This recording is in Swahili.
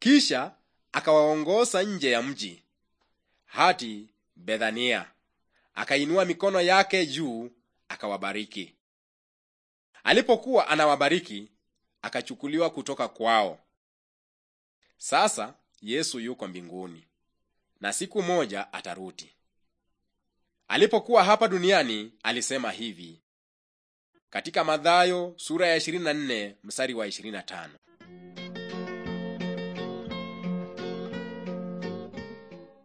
kisha akawaongoza nje ya mji hati Bethania, akainua mikono yake juu akawabariki. Alipokuwa anawabariki, akachukuliwa kutoka kwao. Sasa Yesu yuko mbinguni na siku moja atarudi. Alipokuwa hapa duniani alisema hivi katika madhayo sura ya 24 msari wa 25.